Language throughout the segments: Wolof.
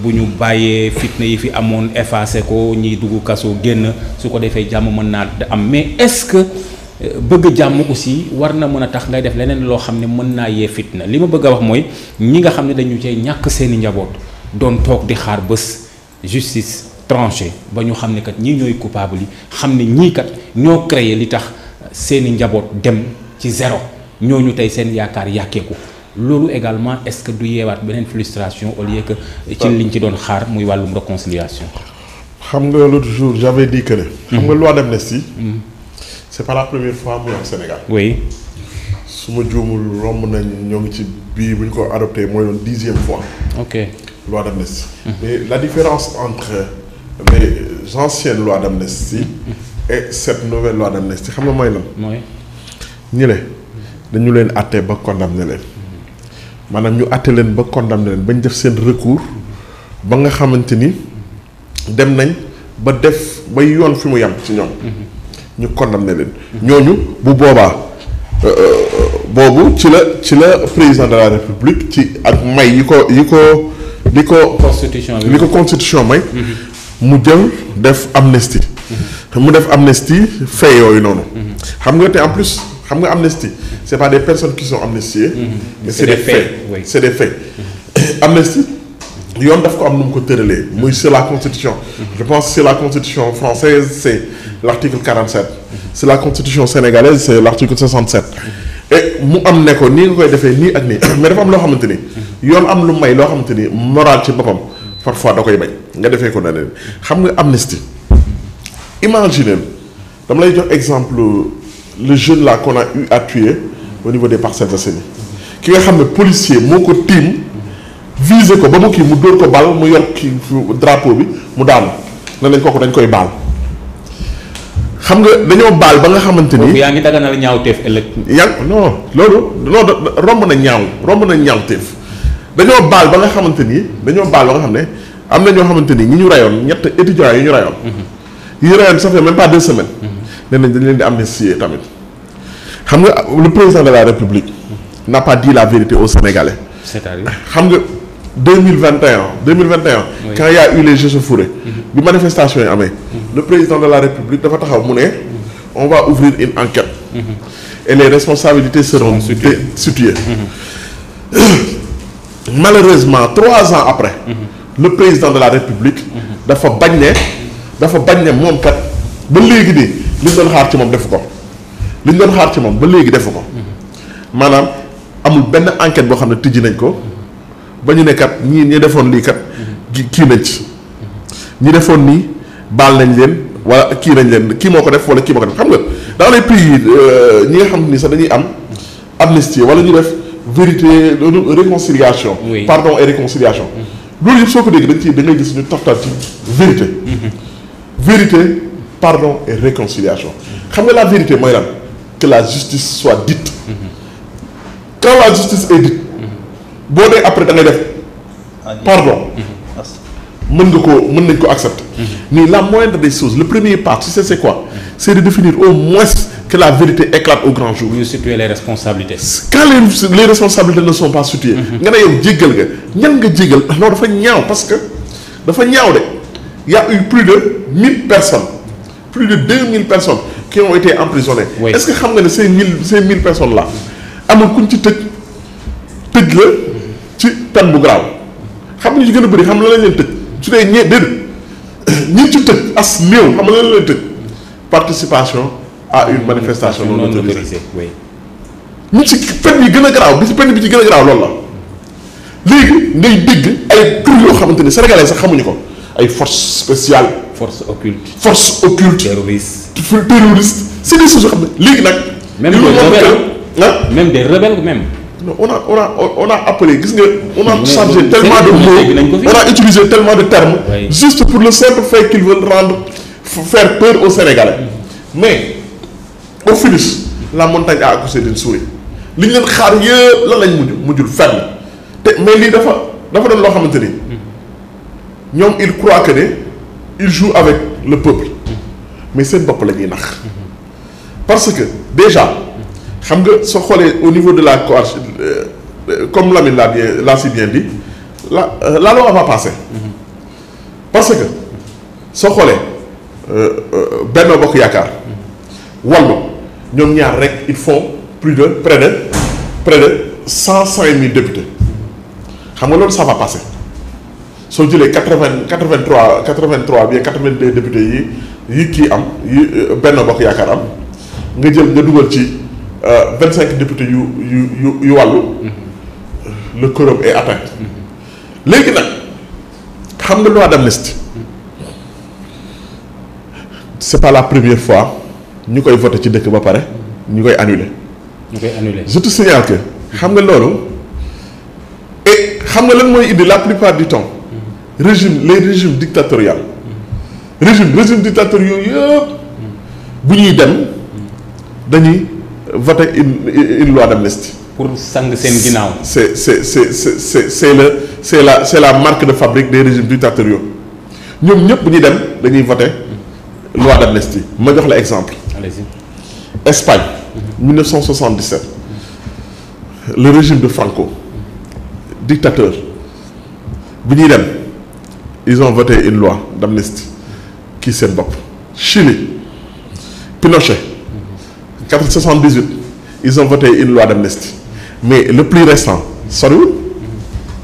bu ñu bàyyee fitna yi fi amoon effacé ko ñiy dugg kaso génn su ko defee jàmm mën naa am mais est-ce que euh, bëgg jàmm aussi war na mën a tax ngay def leneen loo xam ne mën naa yee fitna li ma bëgg a wax mooy ñi nga xam ne dañu cay ñàkk seeni njaboot doon toog di xaar bés justice tranchée ba ñu xam ne kat ñii ñooy coupable yi xam ne ñii kat ñoo créé li tax seeni njaboot dem ci zéro ñooñu tey seen yaakaar yàkkeeku loolu également est-ce que du yeewaat beneen frustration au lieu que ci liñ ci doon xaar muy wàllum réconciliation xam nga l'autre jour j'avais dit que xam nga mm-hmm. loi d'amnistie mm-hmm. c'est pas la première fois muy su ma juumul romb nañ ñoom ci bii bu ko adopté mooy doon dixième fois ok loi d'amnistie mm-hmm. mais la différence entre les anciennes lois d'amnistie et cette nouvelle loi d'amnistie xam nga mooy lan mooy ñu dañu leen àtte ba condamné leen maanaam ñu àtte leen ba condamné leen bañ def seen recours ba nga xamante ni dem nañ ba def ba yoon fi mu yam ci ñoom. Mm-hmm. ñu condamné leen. ñooñu bu boobaa euh, euh, boobu ci la ci la président de la république ci ak may yi ko yi ko li ko. constitution li ko constitution may. Mm-hmm. mu jël def amnistie. Mm-hmm. mu def amnistie fee yooyu noonu. xam nga te en plus xam nga amnistie. c'est pas des personnes qui sont amnistiées. Mhm. mais c'est des faits c'est des faits amnistie yoon daf ko am nu mu ko tëralee. mu c'est la constitution. Mhm. je pense c'est la constitution française c'est l'article 47. c'est la constitution sénégalaise c'est l'article 67. Mhm. et mu am ne ko nii nga koy defee nii ak nii mais dafa am loo xamante ni. yoon am lu may loo xamante ni moral ci boppam. parfois da koy bañ nga defee ko na leen xam nga amnistie. imaginez dama lay jox exemple le jeune là qu'on a au niveau des Parcelles Assainies ki nga xam ne policier moo ko tiim visé ko ba mu kii mu dóor ko bal mu yor kii drapeau bi mu daanu na lañ kooku dañ koy baal xam nga dañoo baal ba nga xamante ni. yaa ngi daganal ñaawteef ëllëg. yaa non loolu loolu romb na ñaaw romb na ñaawteef dañoo baal ba nga xamante ni dañoo baal ba xam ne am na ñoo xamante ni ñi ñu rayoon ñett étudiants yi ñu rayoon. Mhm. yi ñu rayoon ça fait même pas deux semaines. Mhm. nee am dañ leen di tamit. xam nga le président de la république n'a pas dit la vérité aux sénégalais. c'est-à-dire xam nga 2021 2021. Oui. quand il y a eu les Jeux Fourrés. bi manifestation yi amee. Mhm. le président de la république dafa taxaw mu ne. Mhm. on va ouvrir une enquête. Mhm. et les responsabilités seront situées. situées. malheureusement trois ans après. le président de la république. dafa bañ ne. dafa bañ ne moom kat ba léegi nii li doon xaar ci moom def ko. li ñu doon xaar ci moom ba léegi defu ko maanaam amul benn enquête boo xam ne tijji nañ ko ba ñu ne ñi ñii ñi defoon lii kat kii nañ ci ñi defoon nii baal nañ leen wala kii nañ leen kii moo ko def wala kii moo ko def xam nga dans les pays yi euh, ñi nga xam ni sax dañuy am amnistie wala ñu def vérité euh, réconciliation pardon et réconciliation loolu yëpp soo ko dégg dañ ci da ngay gis ñu taftal ci vérité mm-hmm. vérité pardon et réconciliation xam nga la vérité mooy lan que la justice soit dite. quand la justice est dite. boo dee après da ngay def. pardon. mën nga ko mën nañ ko accepter. mais la moindre des choses le premier pas tu sais c'est quoi. c'est de définir au moins que la vérité éclate au grand jour. oui situer les responsabilités. quand les les responsabilités ne sont pas situées. Mhm. nga ne yow jéggal nga ñan nga jéggal loolu dafa ñaaw parce que dafa ñaaw de y a eu plus de mille personnes plus de deux mille personnes. qui ont été emprisonnés. Oui. est-ce que xam nga ne ces mille ces mille personnes là amul kuñ ci tëj tëj la ci peine bu grave xam nga ñu gën a bëri xam la lañ leen tëj su dee ñee déedéet ñi ci tëj as néew xam la lañ leen tëj participation à une manifestation non autorisée ñu ci peine yi gën a grave bi ci peine bi ci gën a grave lool la léegi ngay dégg ay tur yoo xamante ni sénégalais sax xamuñu ko. ay forces spéciales. force occulte. force occulte terroriste. terroriste c'est des choses yoo xam ne léegi nag. même des rebelles ah? même des rebelles même. non on a on a on gis nga. on a changé de mots on a utilisé tellement de termes. juste pour le simple fait qu'ils veulent rendre faire peur aux Sénégalais. Mm-hmm. mais au finish la montagne a accouché d'une souris li ñu leen xaar yëpp lan lañ mujj mujjul fenn te mais lii dafa dafa doon loo xamante ni. ñoom il croit que ne il joue avec le peuple mais seen bopp la ñuy nax parce que déjà xam nga soo xoolee au niveau de la coach euh, euh, comme Lamine l'a bien l'a si bien dit la euh, la loi va passer parce que soo xoolee benn Bokk Yaakaar Wallu ñoom ñaar rek il font plus de près de près de cent cinq mille députés xam nga loolu ça va passer soo jëlee quatre-vingt quatre-vingt-trois quatre-vingt-trois bien deux députés yi yi kii am yi euh, Benno Bokk Yaakaar am nga jël nga dugal ci euh, vingt-cinq députés yu yu yu yu wàllu mm-hmm. le quorum est atteint mm-hmm. léegi nag xam nga loi d'amnistie c'est pas la première fois ñu koy voté ci dëkk ba pare ñu koy annulé. ñu koy annulé je te xam nga loolu xam nga lan mooy indi la plupart du temps. régime les régimes dictatorial régime régime dictatorial yooyu yëpp bu ñuy dem dañuy voter une une loi d'amnistie pour sang seen ginnaaw. c'est c'est c'est c'est c'est la c'est la la marque de fabrique des régimes dictatoriaux ñoom ñëpp bu ñuy dem dañuy voter loi d'amnistie ma jox la exemple. allez-y Espagne. 1977 le régime de Franco dictateur bu ñuy dem. ils ont voté une loi d'amnistie kii seen bopp Chili Pinochet 78 ils ont voté une loi d'amnistie mais le plus récent soriwul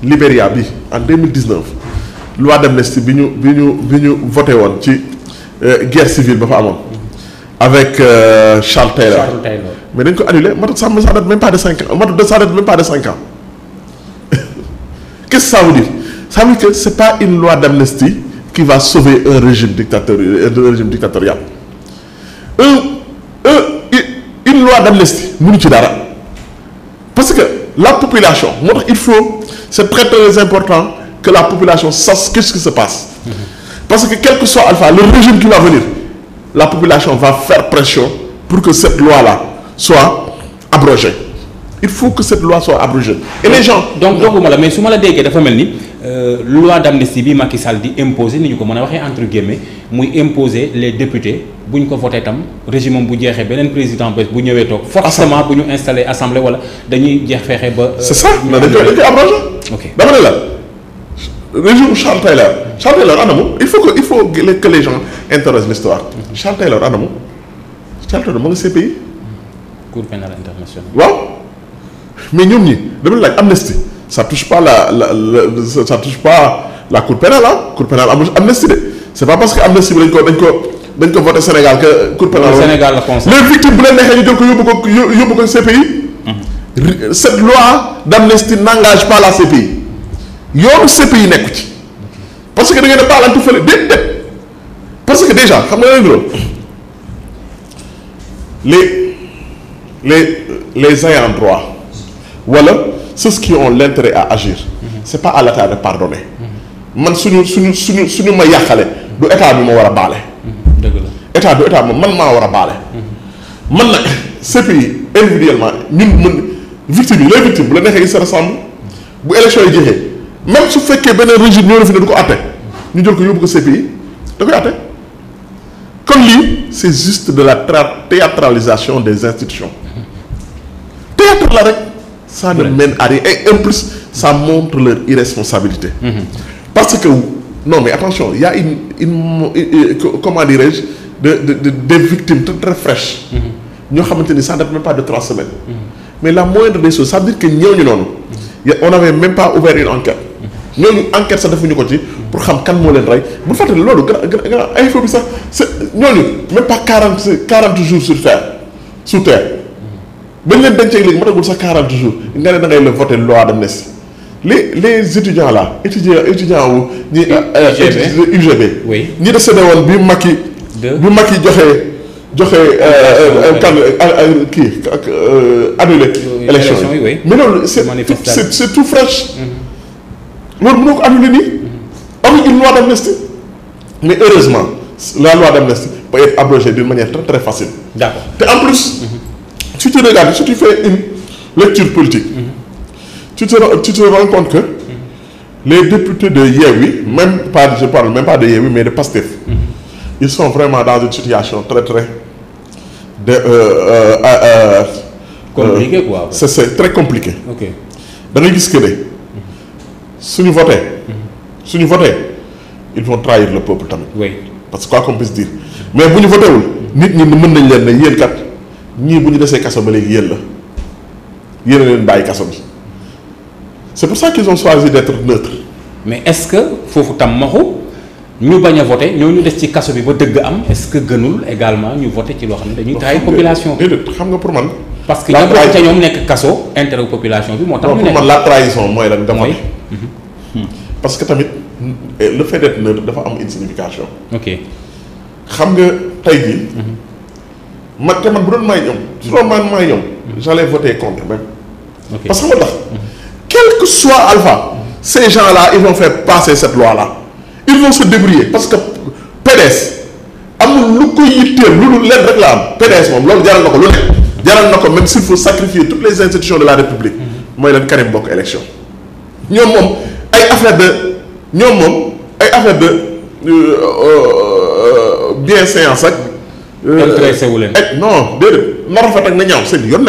Libéria bi en 2019 loi d'amnistie bi ñu bi ñu bi ñu voté woon ci euh, guerre civile ba fa amoon avec euh, Charles Taylor Charles Taylor mais dañ ko annulé matu ça date même pas de cinq ans pas de cinq ans qu'est-ce que dire ça veut dire que c'est pas une loi d'amnistie qui va sauver un régime dictatorial un régime dictatorial un un une loi d'amnistie mënu ci dara parce que la population moo il faut c'est très important que la population sache qu'est-ce qui se passe parce que quel que soit alpha le régime qui va venir la population va faire pression pour que cette loi-là soit abrogée il faut que cette loi soit abrogée et les gens donc donc ma la mais su ma la déggee dafa mel ni Euh, loi d'amnistie bi Macky Sall di imposer ni ñu ko mën a waxee entre guillemets muy imposer les députés bu ñu ko voté tam régime am bu jeexee beneen président bés bu ñëwee toog. forcément bu ñu installé assemblée wala dañuy jeex fexe ba. Euh, c'est ça mais dañ koy dañ koy abrogé. ok dama ne la régime Charles Taylor Charles Taylor anamu il faut que il faut que les gens intéressent l'histoire mhm. Charles Taylor anamu Charles Taylor ma nga CPI. cour pénale internationale. waaw mais ñoom ñi dama ça touche pas la la la ça touche pas la cour pénale ah cour pénale amul amnistie de c'est pas parce que amnistie bi dañ ko dañ ko dañ ko voté Sénégal que. cour pénale Sénégal la concerne les victimes bu leen neexee ñu jël ko yóbbu ko yóbbu ko CPI. Mhm. cette loi d'amnistie n'engage pas la CPI yoonu CPI nekku ci parce que da ngeen a baalantu fële déedéet parce que déjà xam nga la loolu les les les ayants droit wala. ceux qui ont l'intérêt à agir c'est pas à l'état de pardonner man suñu suñu suñu suñu ma yàqale du état bi ma war a baale dëgg la état du état ma man maa war a baale man nag CPI individuellement ñun mën victime yi les victimes bu la neexee ils se ressemblent bu élection yi jeexee même su fekkee beneen régime ñoo fi ne du ko àtte ñu jël ko yóbbu ko CPI da koy àtte kon lii c'est juste de la théâtralisation des institutions théâtre la rek ça ne mène à rien et en plus ça montre leur irresponsabilité. Mhm. parce que non mais attention il y comment dirais-je de de de des victimes très très fraîches. Mhm. ñoo xamante ni ça ne date même pas de trois semaines. Mhm. mais la moindre des choses ça veut dire que ñooñu noonu. on avait même pas ouvert une enquête. ñooñu enquête sax defuñu ko ci. pour xam kan moo leen rey bu fàttali loolu gën a gën a ay info bi sax c'est ñooñu même pas quarante quarante jours sur terre sous terre. bañ leen dencee léegi matagul sax 40 jours nga ne da ngay la voté loi d'amnistie les les étudiants là étudiants étudiants wu. ñi ah, euh, UGB UGB. oui ñi dese ne woon bi Macky. bi Macky joxe. joxe kan euh, euh, kii ak annulé élection yi mais loolu c'est c'est c'est tout fraîche mm-hmm. loolu mënoo ko annulé nii mm-hmm. avec une loi d'amnistie mais heureusement la loi d'amnistie peut être abrogée d'une manière très très facile te en plus si tu regardes si tu fais une lecture politique. Mm-hmm. tu te tu te rends compte que. Mm-hmm. les députés de Yewwi même pas je parle même pas de Yewwi mais de Pastef. Mm-hmm. ils sont vraiment dans une situation très très de. Euh, euh, euh, euh compliqué quoi. c'est c'est très compliqué. ok da ngay gis que suñu voté. suñu voté ils vont trahir le peuple tamit. oui parce que quoi qu'on puisse dire mais bu ñu voté wul. nit ñi mën nañ leen ne yéen kat. ñii bu ñu desee kaso ba léegi yéen la yéen a leen bàyyi kaso bi c'est pour ça qu'ils ont choisi d'être neutre mais est que foofu tam maxu ñu bañ a voté ñooñu des ci kaso bi ba dëgg am est-ce que gënul également ñu voté ci loo xam ne dañuy taay population bi xam nga pour man parce que ña bokk ca ñoom nekk kaso intérêt population bi moo tax pour man la trahison mooy lan nga voté mhm. hmm. parce que tamit le fait d'être neutre dafa am une signification xam nga tey jii mhm. man te man bu doon may ñoom mm. su doon man may ñoom j'allais voter contre même parce que moo tax mm. quel soit alpha mm. ces gens-là ils vont faire passer cette loi-là ils vont se débrouiller parce que PDS am lu ko yitteel lu dul leen rek la am PDS moom loolu jaral na ko lu ne jaral na ko même s'il faut sacrifier toutes les institutions de la République mooy leen Karim bokk élection ñoom moom ay affaire de ñoom moom ay affaire de euh, euh, euh, bien séance ak Euh, intéressé wu leen. Eh, non déedéet na rafet na ñaaw seen yoon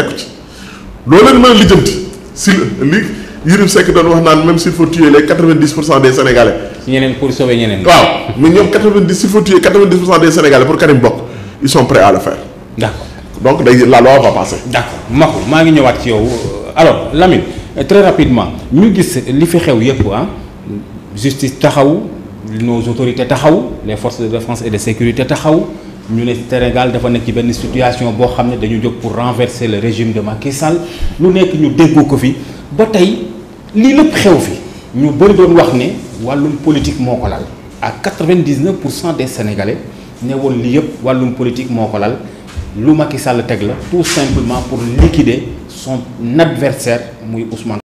loo leen mën a lijjanti si li Yérim Seck wax naan même s'il faut tuer les quatre-vingt-dix pour cent des sénégalais. si ñeneen pour sauver ñeneen. waaw mais ñoom quatre-vingt-dix s'il faut tuer donc day la loi va passer. maa ngi ñëwaat ci yow alors Lamine très rapidement ñu gis li fi xew yëpp ah justice taxaw nos autorités taxaw les forces de défense et de sécurité taxaw. ñu ne Sénégal dafa nekk ci benn situation boo xam ne dañu jóg pour renverser le régime de Macky Sall lu nekk ñu déggu ko fi ba tey lii lépp xew fi ñu bëri doon wax ne wàllum politique moo ko lal à 99 pour cent des sénégalais ne woon lii yëpp wàllum politique moo ko lal lu Macky Sall teg la tout simplement pour liquider son adversaire muy Ousmane.